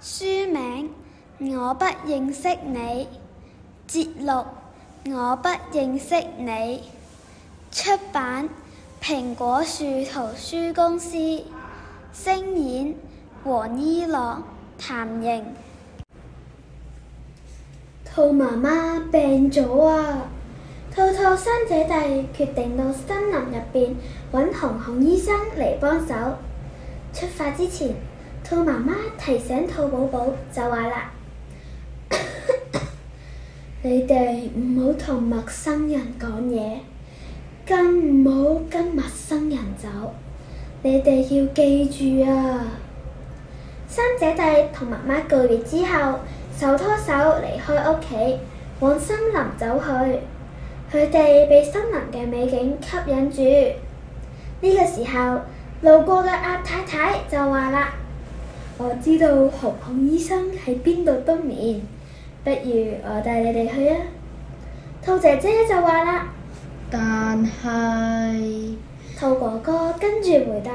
書名：我不認識你。節錄：我不認識你。出版：蘋果樹圖書公司。聲演：黃伊樂、譚瀅。兔媽媽病咗啊！兔兔三姐弟決定到森林入邊揾紅紅醫生嚟幫手。出發之前。兔媽媽提醒兔寶寶就話啦咳咳：你哋唔好同陌生人講嘢，更唔好跟陌生人走。你哋要記住啊！三姐弟同媽媽告別之後，手拖手離開屋企，往森林走去。佢哋被森林嘅美景吸引住。呢個時候，路過嘅鴨太太就話啦。我知道熊熊醫生喺邊度冬眠，不如我帶你哋去啊！兔姐姐就話啦，但係是兔哥哥跟住回答：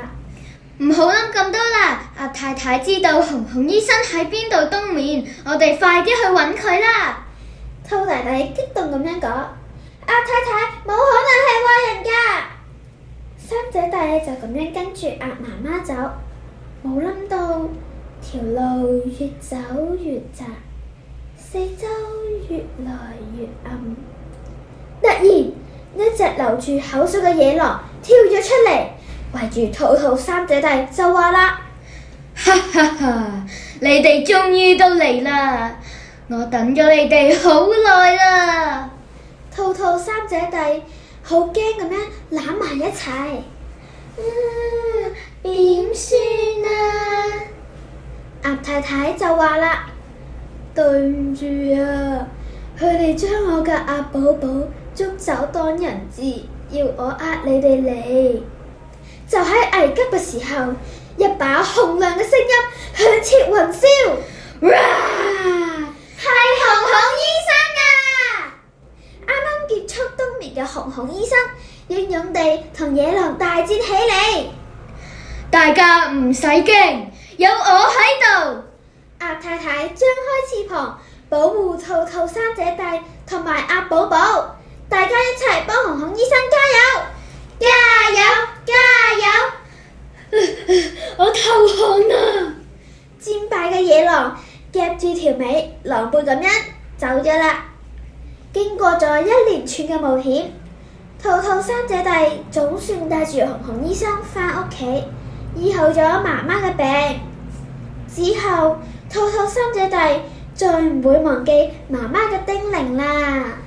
唔好諗咁多啦！阿太太知道熊熊醫生喺邊度冬眠，我哋快啲去搵佢啦！兔弟弟激動咁樣講：阿、啊、太太冇可能係壞人噶！三姐弟就咁樣跟住阿媽媽走，冇諗到。條路越走越窄，四周越來越暗。突然，一隻流住口水嘅野狼跳咗出嚟，圍住兔兔三姐弟就話啦：哈哈哈！你哋終於都嚟啦，我等咗你哋好耐啦！兔兔三姐弟好驚咁樣攬埋一齊，嗯，點算？阿太太就話啦：對唔住啊，佢哋將我嘅阿寶寶捉走當人質，要我呃你哋嚟。就喺危急嘅時候，一把洪亮嘅聲音響徹雲霄，哇！係紅紅醫生啊！啱啱結束冬眠嘅紅紅醫生，英勇地同野狼大戰起嚟。大家唔使驚。有我喺度，鴨太太張開翅膀，保護兔兔三姐弟同埋鴨寶寶，大家一齊幫紅紅醫生加油！加油！加油！ 我投降啦！戰敗嘅野狼夾住條尾，狼狽咁樣走咗啦。經過咗一連串嘅冒險，兔兔三姐弟總算帶住紅紅醫生返屋企，醫好咗媽媽嘅病。之後，兔兔三姐弟再唔會忘記媽媽嘅叮嚀啦。